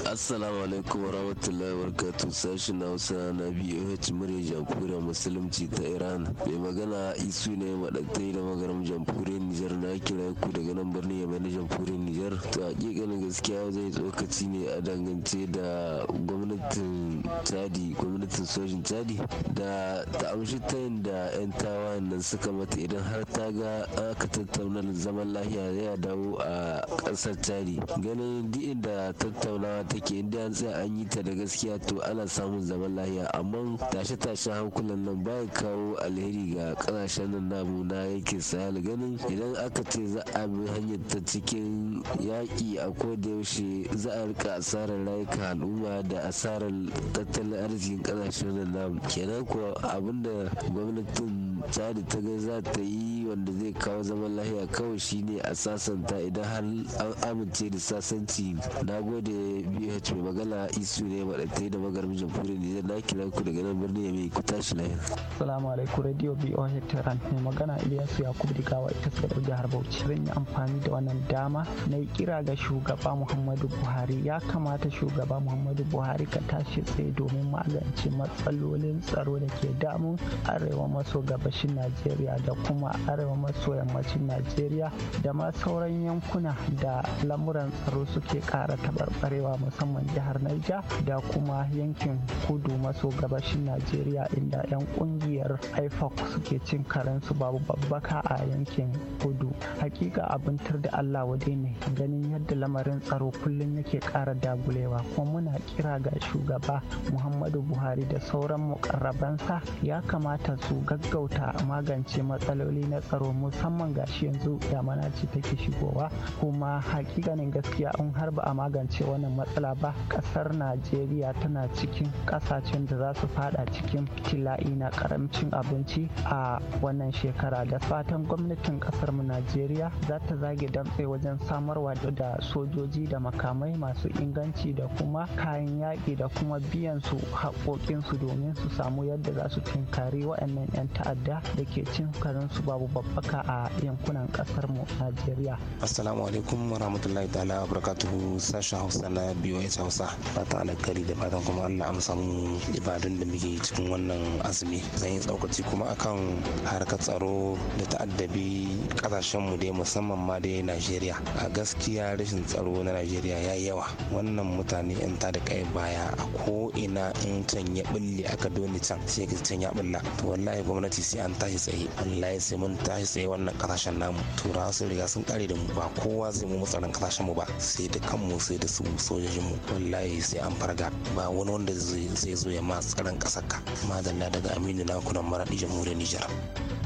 Assalamu alaikum wa rahmatullahi wa barakatuh na Hausa na BOH murya jamhuriyar musulunci ta Iran mai magana isu ne madaddai da magaram jamhuriyar Nijar na kira ku daga nan birnin Yemen jamhuriyar biyar to hakikanin gaskiya zai tsokaci ne a dangance da gwamnatin chadi gwamnatin sojin chadi da ta amshi ta da 'yan tawayen nan suka mata idan har ta ga aka tattauna zaman lahiya ya dawo a ƙasar chadi ganin duk inda tattaunawa take inda an tsaya an yi ta da gaskiya to ana samun zaman lahiya amma tashe-tashen hankulan nan ba kawo alheri ga ƙasashen nan namu na yankin sahel ganin idan aka ce za a bi hanyar ta cikin yaƙi a kodayaushe za a rika asarar rayuka al'umma da asarar tattalin arzikin ƙasashen nam kenan kuwa abinda gwamnatin tsari ta ga za ta yi wanda zai kawo zaman lahiya kawai shine a sasanta idan har an amince da sasanci na gode bh mai magana isu ne maɗaɗe da magarin jamhuriyar ne na kira ku daga nan birnin mai ku tashi lahiya salamu alaikum radio boh tehran mai magana ilyasu yakubu digawa ita suka ɗau jihar bauchi zan yi amfani da wannan dama na yi kira ga shugaba muhammadu buhari ya kamata shugaba muhammadu buhari ka tashi tsaye domin magance matsalolin tsaro da ke damun arewa maso gabashin najeriya da kuma arewa maso yammacin najeriya da ma sauran yankuna da lamuran tsaro suke kara tabarbarewa musamman jihar niger da kuma yankin kudu maso gabashin najeriya inda 'yan kungiyar ifac suke cin karensu babu babbaka a yankin kudu hakika abin tur da allah wade ne ganin yadda lamarin tsaro kullum yake kara dagulewa kuma muna kira ga shugaba muhammadu buhari da sauran mukarrabansa ya kamata su gaggauta magance matsaloli na tsaro musamman ga shi yanzu damana ce take shigowa kuma hakikanin gaskiya in har ba a magance wannan matsala ba kasar najeriya tana cikin kasashen da za su fada cikin tila'i na karamcin abinci a wannan shekara da fatan gwamnatin kasar mu najeriya za ta zage damtse wajen samarwa da sojoji da makamai masu inganci da kuma kayan yaƙi da kuma biyan su haƙoƙinsu domin su samu yadda za su tinkari waɗannan 'yan ta'adda da ke cin karinsu babu babbaka a yankunan kasar mu Najeriya. Assalamu alaikum rahmatullahi ta'ala barakatuhu sashen Hausa na ya Hausa. Fatan alƙari da fatan kuma Allah amsa mu ibadun da muke cikin wannan azumi. Zan yi tsaukaci kuma akan harkar tsaro da ta'addabi kasashen mu dai musamman ma dai Najeriya. A gaskiya rashin tsaro na Najeriya ya yawa. Wannan mutane in ta da kai baya a ko ina in can ya bulle aka dole can sai ka can ya bulla. To wallahi gwamnati sai an tashi tsaye. Allah ya sai mun tashi tsaye wannan kasashen namu turawa sun riga sun kare da mu ba kowa zai mu tsaron kasashen mu ba sai da kanmu sai da su sojojin mu wallahi sai an farga ba wani wanda zai zo ya ma tsaron kasar ka madalla daga aminu na kunan maradi jamhuriyar nijar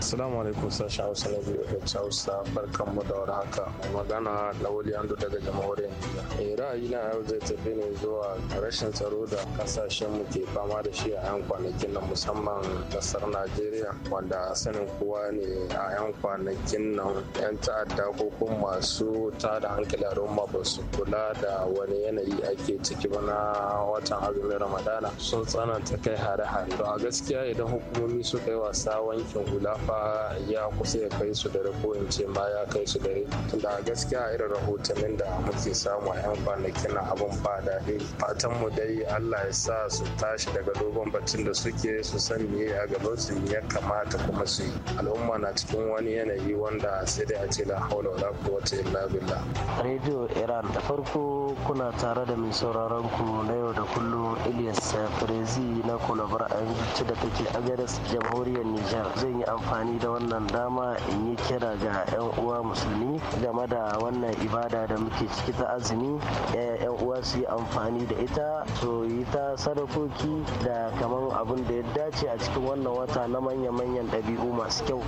Assalamu alaikum sashen Hausa na biyu Hausa Hausa barkan mu da war haka magana Lawali Ando daga jamhuriyar Nijar. Eh ra'ayi na yau zai tafi ne zuwa rashin tsaro da kasashen mu ke fama da shi a yan kwanakin nan musamman kasar Najeriya wanda sanin kowa ne a 'yan kwanakin nan 'yan ta'adda ko kuma masu tada hankali al'umma ba su kula da wani yanayi ake ciki ba na watan azumin ramadana sun tsananta kai hare-hare to a gaskiya idan hukumomi suka yi wasa wankin hula fa ya kusa ya kai su dare ko in ce ma ya kai su dare tunda a gaskiya irin rahotannin da muke samu a 'yan kwanakin nan abin ba daɗi fatan mu dai Allah ya sa su tashi daga dogon baccin da suke su san me a gaban su ya kamata kuma su yi al'umma na cikin cikin wani yanayi wanda sai dai a ce la haula wala quwwata illa billah radio iran da farko kuna tare da mai sauraron ku na yau da kullum Ilyas Frezi na kulabar abinci da take agadas jamhuriyar Nijar zan yi amfani da wannan dama in yi kira ga 'yan uwa musulmi game da wannan ibada da muke ciki ta azumi 'yan eh, uwa su yi amfani da ita to yi ta sadakoki da kamar abin da ya dace a cikin wannan wata na manya-manyan ɗabi'u masu kyau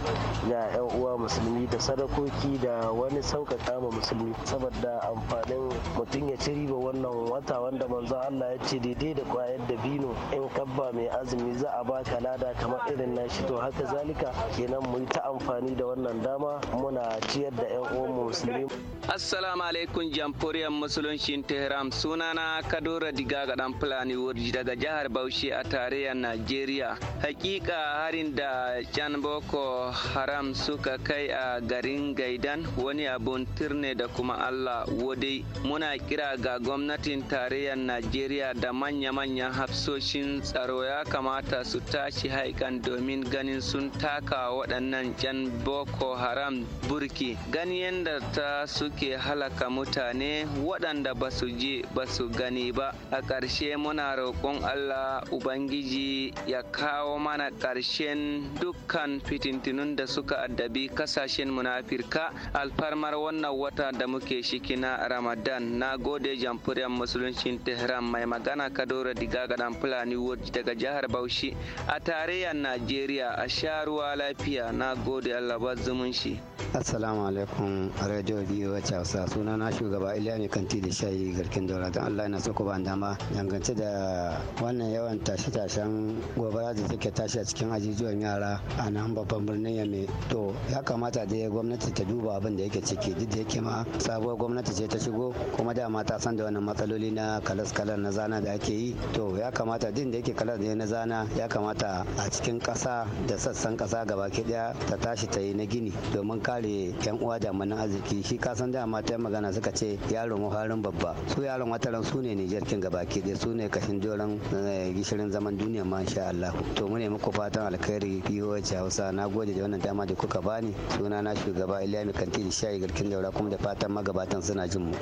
ga yan uwa musulmi da sadakoki da wani sauƙaƙa ma musulmi saboda amfanin mutum ya ci riba wannan wata wanda manzo Allah ya ce daidai da kwayar da bino in kabba mai azumi za a baka lada kamar irin nashi to haka zalika kenan mu yi ta amfani da wannan dama muna ciyar da yan uwa musulmi assalamu alaikum jamhuriyar musulunci tehran sunana kadora diga ga dan fulani wurji daga jihar bauchi a tarayyar najeriya hakika harin da jan boko haram suka kai a garin Gaidan wani abun turne da kuma Allah wodai. Muna kira ga gwamnatin tarayyar Najeriya da manya-manyan hafsoshin tsaro ya kamata su tashi haikan domin ganin sun taka waɗannan jan Boko Haram burki. Gani yadda ta suke halaka mutane waɗanda ba su je ba su gani ba. A ƙarshe muna roƙon Allah Ubangiji ya kawo mana ƙarshen dukkan fitintinun da suka addabi kasashen mu alfarmar wannan wata da muke shiki na Ramadan na gode jamhuriyar musuluncin Tehran mai magana kadora Diga gadan Fulani daga jihar Bauchi a tarayyar Najeriya a sharuwa ruwa lafiya na gode Allah ba zumunci. Assalamu alaikum Radio Biyu wacce Hausa suna na shugaba Iliya mai kanti da shayi garkin daura don Allah na so ba dama dangance da wannan yawan tashe-tashen gobara da take tashi a cikin ajijuwan yara a nan babban birnin Yame to ya kamata dai gwamnati ta duba abin da yake ciki duk da yake ma sabuwar gwamnati ce ta shigo kuma dama ta san da wannan matsaloli na kalas-kalas na zana da ake yi to ya kamata din da yake kalas na zana ya kamata a cikin kasa da sassan kasa gaba ki daya ta tashi ta yi na gini domin kare yan uwa da mana arziki shi ka kasan dama ta magana suka ce yaro muharin babba su yaron wataran su ne Nijar kin gaba ki daya su ne kashin joran eh, gishirin zaman duniya ma insha Allah to mu ne muku fatan alkhairi POH Hausa na gode da wannan dama da kuka bani suna na shugaba Iliya kantin shayi garkin daura kuma da fatan magabatan suna jin mu.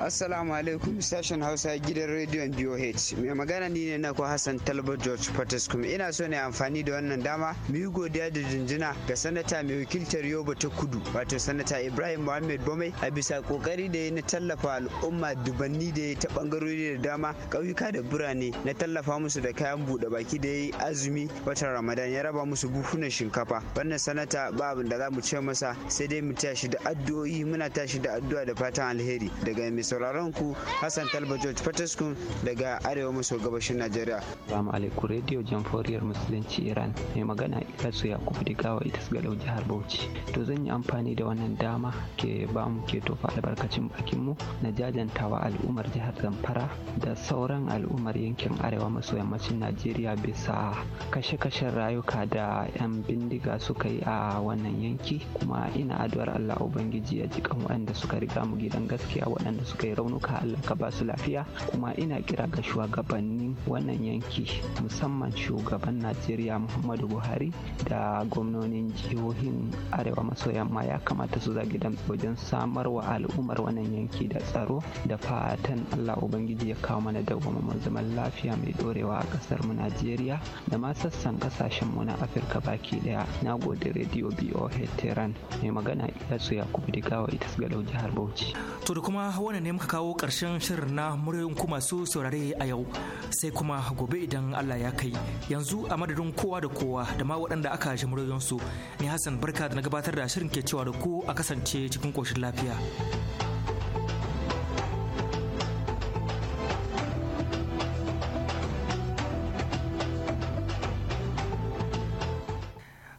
Assalamu alaikum sashen Hausa gidan rediyon DOH. Mai magana ni ne na ko Hassan Talba George Fortescue. Ina so ne amfani da wannan dama mu yi godiya da jinjina ga sanata mai wakiltar Yoba ta Kudu wato sanata Ibrahim Muhammad Bome a bisa kokari da ya na tallafa al'umma dubanni da ya ta bangarori da dama kauyuka da birane na tallafa musu da kayan buɗe baki da ya azumi watan Ramadan ya raba musu buhunan shinkafa. Wannan sanata ba abin da za mu ce masa sai dai mu tashi da addu'o'i muna tashi da addu'a da fatan alheri daga Miss sauraron ku Hassan Talba George Fataskun daga Arewa maso gabashin Najeriya. Salamu alaikum Radio jamforiyar Musulunci Iran mai magana Ilyasu yakub Digawa ita su Galau jihar Bauchi. To zan yi amfani da wannan dama ke ba mu ke tofa albarkacin bakin mu na jajantawa al'ummar jihar Zamfara da sauran al'ummar yankin Arewa maso yammacin Najeriya bisa kashe-kashen rayuka da 'yan bindiga suka yi a wannan yanki kuma ina addu'ar Allah Ubangiji ya ji kan waɗanda suka riga mu gidan gaskiya waɗanda suka yi raunuka Allah ka ba lafiya kuma ina kira ga shugabannin wannan yanki musamman shugaban Najeriya Muhammadu Buhari da gwamnonin jihohin Arewa maso yamma ya kamata su zagi dan wajen samar wa al'ummar wannan yanki da tsaro da fatan Allah Ubangiji ya kawo mana da mu zaman lafiya mai dorewa a kasar mu Najeriya da ma sassan kasashen mu na Afirka baki daya. Na gode Radio BOH Tehran mai magana su Yakubu Digawa ita su ga jihar Bauchi. To da kuma wannan ne muka kawo ƙarshen shirin na muryoyin ku masu saurare a yau sai kuma gobe idan Allah ya kai yanzu a madadin kowa da kowa da ma waɗanda aka ji muryoyinsu ne Hassan barka da na gabatar da shirin ke cewa da ku a kasance cikin koshin lafiya.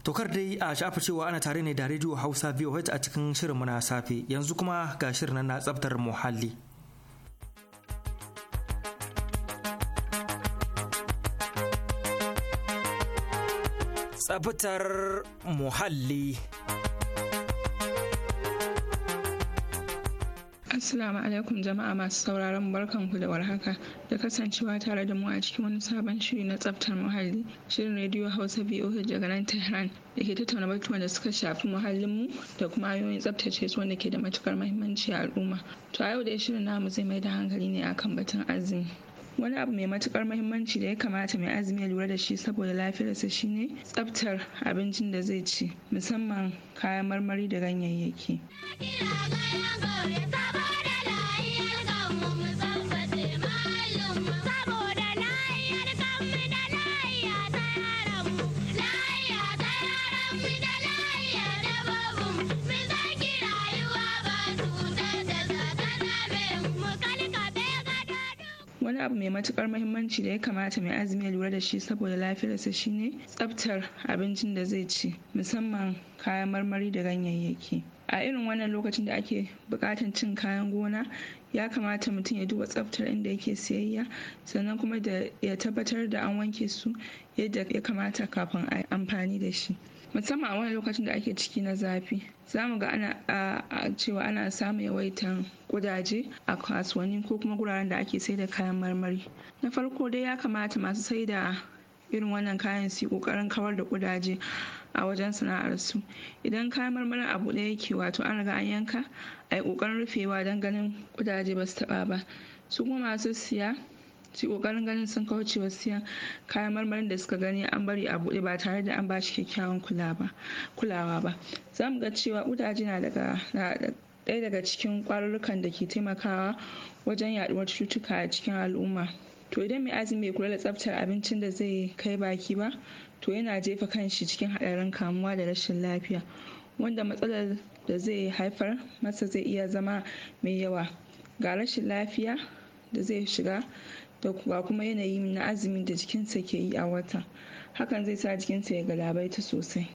tokar dai a shafa cewa ana tare ne da rediyo hausa voh a cikin shirin na safe yanzu kuma ga shirin na tsabtar muhalli tsabtar muhalli Assalamu alaikum jama'a masu sauraron ku da warhaka da kasancewa tare da mu a cikin wani sabon shiri na tsaftar muhalli shirin rediyo Hausa VOH daga nan Tehran da ke tattauna batuwan da suka shafi muhallinmu da kuma hanyoyin tsaftace su wanda ke da matukar muhimmanci a al'umma. To a yau dai shirin namu zai mai da hankali ne akan batun azumi. wani abu mai matukar muhimmanci da ya kamata mai azumi ya lura da shi saboda lafiyarsa shine tsaftar abincin da zai ci musamman kayan marmari da ganyayyaki. abu mai matukar muhimmanci da ya kamata mai azumi ya lura da shi saboda lafiyarsa shi ne tsaftar abincin da zai ci musamman kayan marmari da ganyayyaki a irin wannan lokacin da ake bukatan cin kayan gona ya kamata mutum ya duba tsaftar inda yake siyayya sannan kuma da ya tabbatar da an wanke su yadda ya kamata kafin a amfani da shi musamman a wani lokacin da ake ciki na zafi za mu ga ana cewa ana samun yawaitan kudaje a kasuwanni ko kuma guraren da ake sai da kayan marmari na farko dai ya kamata masu saida irin wannan kayan su yi kokarin kawar da kudaje a wajen sana'arsu idan kayan marmarin abu ɗaya yake wato an riga an yanka a yi kokarin rufewa don ganin kudaje ba su taɓa ba su kuma masu siya ci kokarin ganin sun kauce wa siyan kayan marmarin da suka gani an bari a buɗe ba tare da an ba shi kyakkyawan kulawa ba za mu ga cewa ƙudaje na daga ɗaya daga cikin kwarurrukan da ke taimakawa wajen yaɗuwar cututtuka a cikin al'umma to idan mai azumi bai kula da tsaftar abincin da zai kai baki ba to yana jefa kanshi cikin haɗarin kamuwa da rashin lafiya wanda matsalar da zai haifar masa zai iya zama mai yawa ga rashin lafiya da zai shiga da kuma yanayi na azumin da jikinsa ke yi a wata hakan zai sa jikinsa ya galabaita sosai.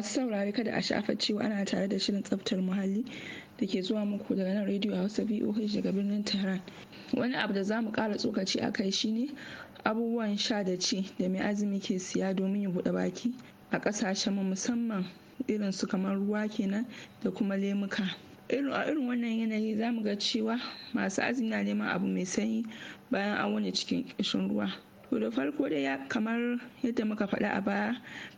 masu saurari kada a shafa cewa ana tare da shirin tsaftar muhalli da ke zuwa muku daga nan rediyo hausa voh daga birnin tehran wani abu da za mu kara tsokaci a kai shine abubuwan sha da ci da mai azumi ke siya domin ya buɗe baki a ƙasashen mu musamman irin su kamar ruwa kenan da kuma lemuka irin a irin wannan yanayi za mu ga cewa masu azumi na neman abu mai sanyi bayan an wani cikin ƙishin ruwa to da farko dai ya kamar yadda muka faɗa a baya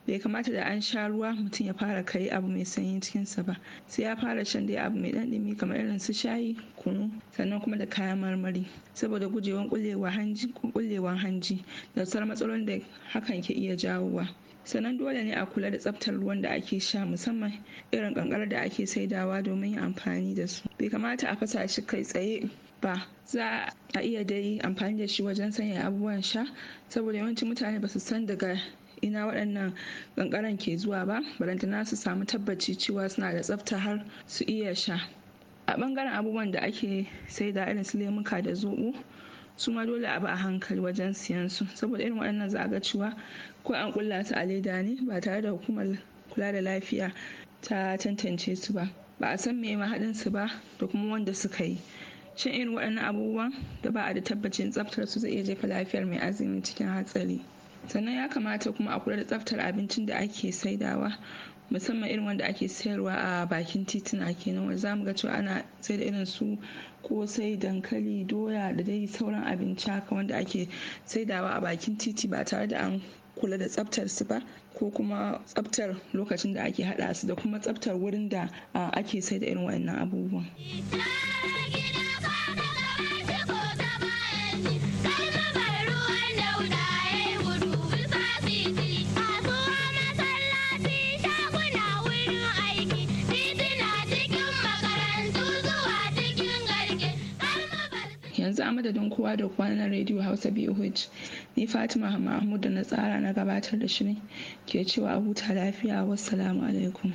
bai kamata da an sha ruwa mutum ya fara kai abu mai sanyi cikinsa ba sai ya fara shan dai abu mai ɗan kamar irin su shayi kunu sannan kuma da kayan marmari saboda gujewan kullewan hanji da sauran matsalolin da hakan ke iya jawowa sannan dole ne a kula da tsaftar ruwan da ake sha musamman irin kankarar da ake saidawa domin yin amfani da su bai kamata a fasa shi kai tsaye ba za a iya dai amfani da shi wajen sanya abubuwan sha saboda yawancin mutane ba su san daga ina waɗannan ƙanƙaran ke zuwa ba barantana su samu tabbaci cewa suna da tsafta har su iya sha a ɓangaren abubuwan da ake sai da irin su lemuka da zoɓo su ma dole a bi a hankali wajen siyan su saboda irin waɗannan za a ga cewa ko an ƙulla su a leda ne ba tare da hukumar kula da lafiya ta tantance su ba ba a san me mahaɗin su ba da kuma wanda suka yi shin irin waɗannan abubuwan da ba a da tabbacin tsaftar su zai iya jefa lafiyar mai azumi cikin hatsari sannan ya kamata kuma a kula da tsaftar abincin da ake saidawa musamman irin wanda ake sayarwa a bakin tituna kenan wanda zamu ga cewa ana sai da irin su kosai dankali doya da dai sauran abinci haka wanda ake saidawa a bakin titi ba tare da an kula da tsaftar su ba ko kuma tsaftar lokacin da ake hada su da kuma tsaftar wurin da ake sai da irin waɗannan abubuwan. yanzu a madadin kowa da kowa na radio hausa BOH ni fatima mahmud da na tsara na gabatar da shirin ke cewa a huta lafiya wassalamu alaikum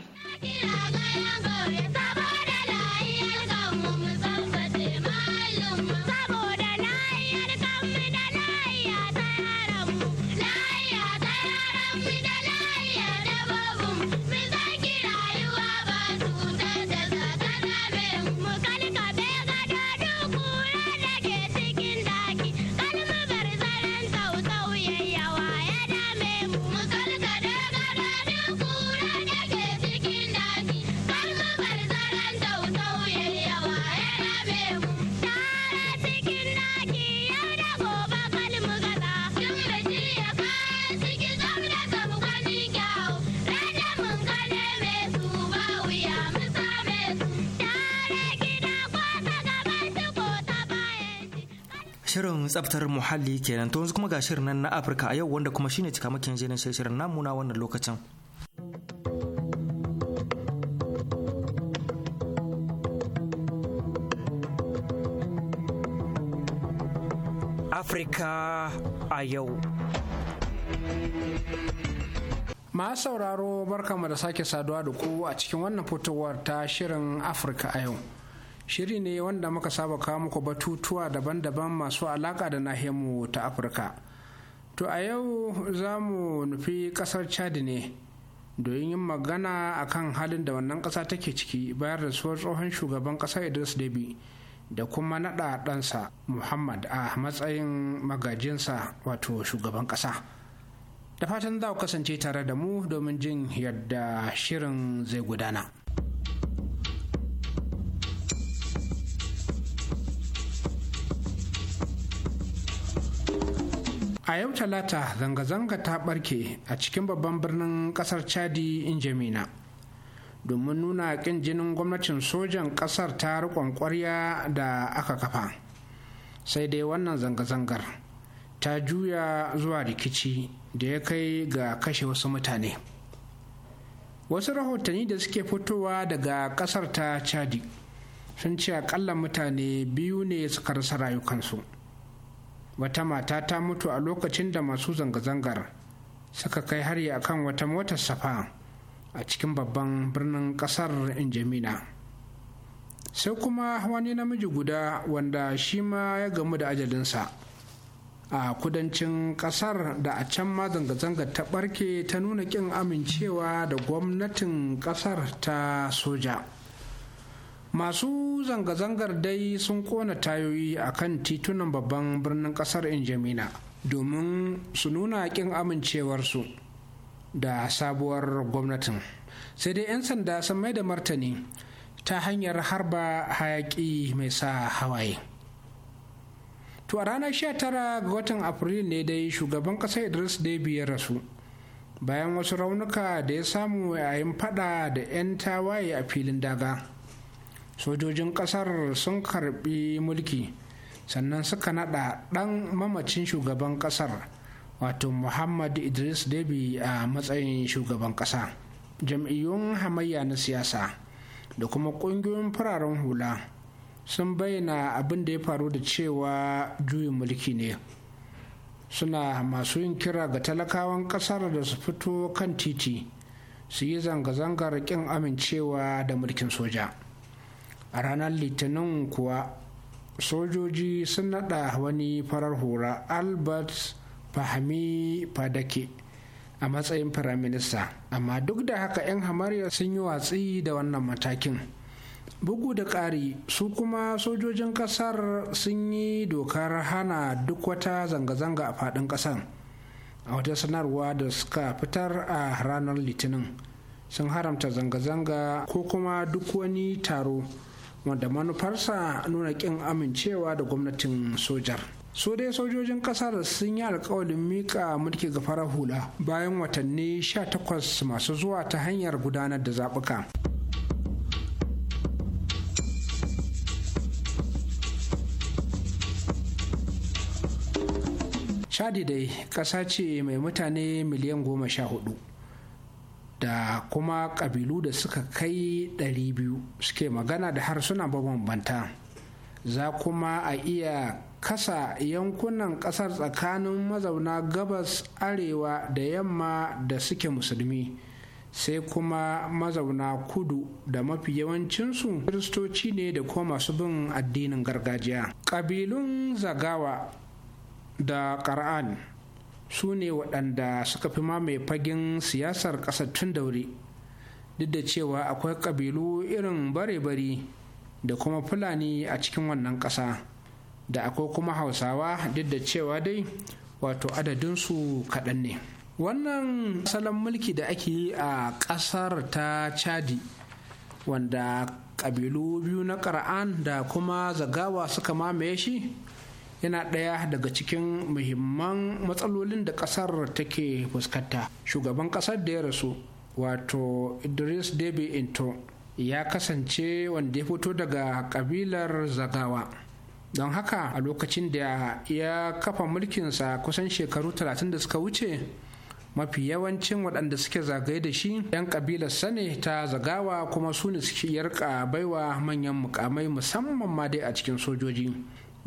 Shirin tsaftar muhalli kenan to yanzu kuma ga shirin nan na Afirka a yau wanda kuma shine cikamakin jerin shirin namu na wannan lokacin. Afirka a yau. Ma sauraro barkanmu da sake saduwa da ku a cikin wannan fitowar ta shirin Afirka a yau. shiri ne wanda muka saba kawo muku batutuwa daban-daban masu alaka da nahiyarmu ta afirka to a yau za mu nufi kasar chad ne domin yin magana akan halin da wannan kasa take ciki bayar da suwar tsohon shugaban kasar idris debi da kuma naɗa ɗansa muhammad a matsayin magajinsa wato shugaban ƙasa da fatan za ku kasance tare da mu domin jin yadda shirin zai gudana a yau talata zanga-zanga ta barke a cikin babban birnin kasar chadi injamina domin nuna kin jinin gwamnatin sojan ƙasar ta rikon ƙwarya da aka kafa sai dai wannan zanga-zangar ta juya zuwa rikici da ya kai ga kashe wasu mutane wasu rahotanni da suke fitowa daga ƙasar ta chadi sun ce akalla mutane biyu ne suka rasa rayukansu wata mata ta mutu a lokacin da masu zanga-zangar suka kai hari a kan wata motar safa a cikin babban birnin kasar injamina sai kuma wani namiji guda wanda shi ma ya gamu da ajalinsa a kudancin kasar da a can ma zanga zangar ta barke ta nuna kin amincewa da gwamnatin kasar ta soja. masu zanga-zangar dai sun kona tayoyi a kan titunan babban birnin kasar injamina domin su nuna kin amincewarsu da sabuwar gwamnatin sai dai 'yan sanda sun mai da martani ta hanyar harba hayaki mai sa hawaye to a ranar 19 ga watan afrilu ne dai shugaban ƙasar idris debi ya rasu bayan wasu raunuka da ya samu yayin fada da 'yan tawaye a filin daga sojojin kasar sun karbi mulki sannan suka nada dan mamacin shugaban kasar wato muhammad idris debi a matsayin shugaban kasa jam'iyyun hamayya na siyasa da kuma ƙungiyoyin fararen hula sun bayyana abin da ya faru da cewa juyin mulki ne suna masu yin kira ga talakawan kasar da su fito kan titi su yi zanga-zangar ƙin amincewa da mulkin soja. a ranar litinin kuwa sojoji sun nada wani farar hura albert fahmi fadake a matsayin firaminista amma duk da haka 'yan hamariya sun yi watsi da wannan matakin bugu da ƙari su kuma sojojin ƙasar sun yi dokar hana duk wata zanga-zanga a faɗin ƙasar a wata sanarwa da suka fitar a ranar litinin sun haramta zanga-zanga ko kuma duk wani taro Wanda manufarsa nuna kin amincewa da gwamnatin sojar su dai sojojin kasar sun yi alkawalin mika mulki ga farar hula bayan watanni 18 masu zuwa ta hanyar gudanar da zaɓuka. chadi dai ƙasa ce mai mutane miliyan goma sha hudu da kuma ƙabilu da suka kai 200 suke magana da harsuna mabambanta za kuma a iya kasa yankunan ƙasar tsakanin mazauna gabas arewa da yamma da suke musulmi sai kuma mazauna kudu da mafi yawancinsu kiristoci ne da kuma masu bin addinin gargajiya ƙabilun zagawa da ƙar'an su ne waɗanda suka fi mamaye fagen siyasar ƙasar tun daure duk da cewa akwai ƙabilu irin bare-bari da kuma fulani a cikin wannan ƙasa da akwai kuma hausawa duk da cewa dai wato adadinsu kaɗan ne wannan salon mulki da ake yi a ƙasar ta chadi wanda ƙabilu biyu na ƙara'an da kuma zagawa suka mamaye shi yana ɗaya daga cikin muhimman matsalolin da ƙasar take fuskanta shugaban ƙasar da ya rasu wato idris debe into ya kasance wanda ya fito daga ƙabilar zagawa don haka a lokacin da ya kafa mulkinsa kusan shekaru 30 da suka wuce mafi yawancin waɗanda suke zagaye da shi 'yan ƙabilar sane ta zagawa kuma su ne suke yarka baiwa manyan mukamai musamman ma dai a cikin sojoji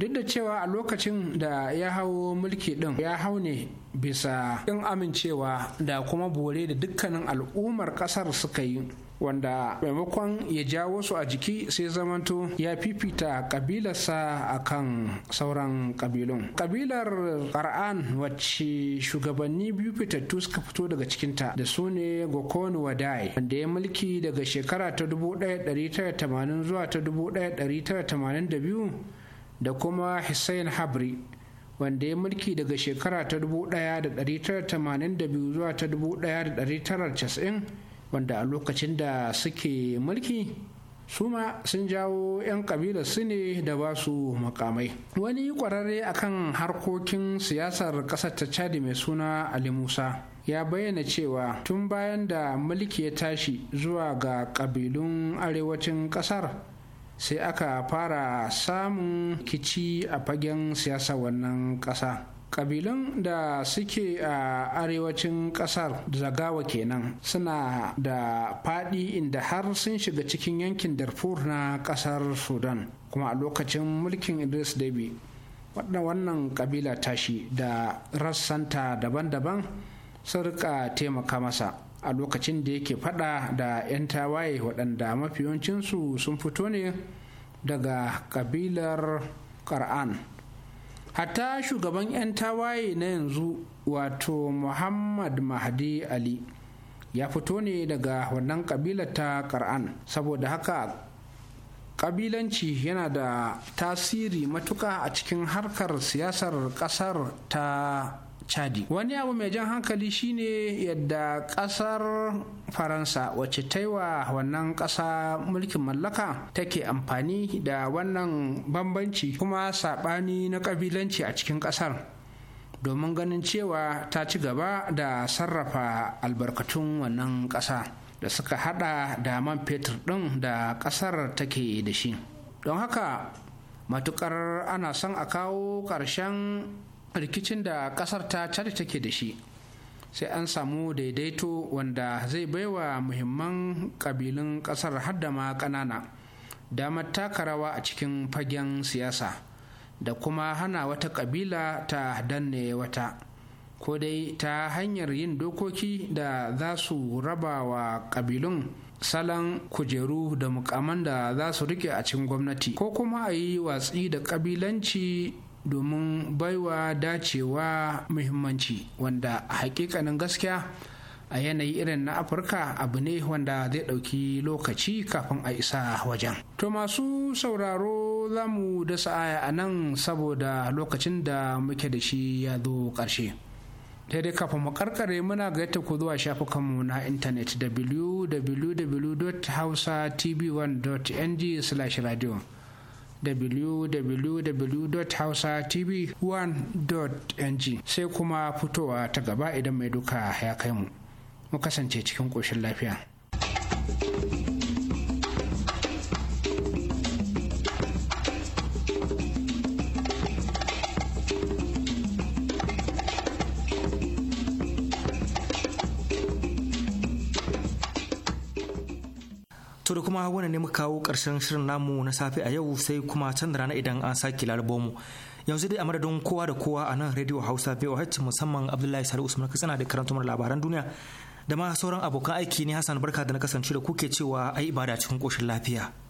duk da cewa a lokacin da ya hau mulki ɗin ya hau ne bisa Yin amincewa da kuma bore da dukkanin al'ummar ƙasar suka yi wanda maimakon ya jawo su a jiki sai zamanto ya fifita kabilarsa a kan sauran kabilun Ƙabilar ƙar'an wacce shugabanni biyu fitattu suka fito daga cikinta da su ne gokon wadai wanda ya mulki daga shekara ta 1980 zuwa ta 1982 da kuma hussein habri wanda ya mulki daga shekara ta 1982 zuwa ta 1990 wanda a lokacin da suke mulki su ma sun jawo 'yan kabilar su ne da ba su makamai wani kwararre akan harkokin siyasar ƙasar ta chadi mai suna ali musa ya bayyana cewa tun bayan da mulki ya tashi zuwa ga ƙabilun arewacin ƙasar sai aka fara samun kici a fagen siyasa wannan ƙasa. kabilan da suke a arewacin ƙasar zagawa kenan suna da faɗi inda har sun shiga cikin yankin darfur na ƙasar sudan kuma a lokacin mulkin idris debi wadda wannan kabila tashi da rassanta daban-daban sun rika taimaka masa a lokacin da yake fada da 'yan tawaye waɗanda mafiyancinsu sun fito ne daga kabilar ƙar'an hatta shugaban 'yan tawaye na yanzu wato muhammad mahdi ali ya fito ne daga wannan kabilar ta ƙar'an saboda haka kabilanci yana da tasiri matuka a cikin harkar siyasar ƙasar ta chadi wani abu mai jan hankali shine yadda kasar faransa wacce ta wa wannan kasa mulkin mallaka take amfani da wannan bambanci kuma sabani na kabilanci a cikin kasar domin ganin cewa ta ci gaba da sarrafa albarkatun wannan ƙasa da suka hada da man fetur ɗin da ƙasar take da shi don haka matukar ana son a kawo ƙarshen rikicin da kasar ta cari take da shi sai an samu daidaito wanda zai baiwa muhimman kabilun kasar ma kanana damar taka rawa a cikin fagen siyasa da kuma hana wata kabila ta danne wata ko dai ta hanyar yin dokoki da za su raba wa kabilun salon kujeru da mukaman da za su rike a cikin gwamnati ko kuma a yi watsi da kabilanci domin baiwa dacewa muhimmanci wanda a hakikanin gaskiya a yanayi irin na afirka abu ne wanda zai ɗauki lokaci kafin a isa wajen to masu sauraro za mu da sa'aya a nan saboda lokacin da muke da shi ya zo ƙarshe daidai kafin mu karkare muna ga yadda ku zuwa shafukanmu na intanet www.hausatv1.ng/radio www.hausatv1.ng sai kuma fitowa ta gaba idan mai duka ya kai mu mu kasance cikin ƙoshin lafiya kuma wani ne muka kawo ƙarshen shirin namu na safe a yau sai kuma can da rana idan an sake lalubo mu. Yanzu dai a madadin kowa da kowa a nan Radio Hausa VOH musamman Abdullahi Sari Usman Katsina da karanta labaran duniya da ma sauran abokan aiki ne Hassan Barka da na kasance da kuke cewa ai ibada cikin koshin lafiya.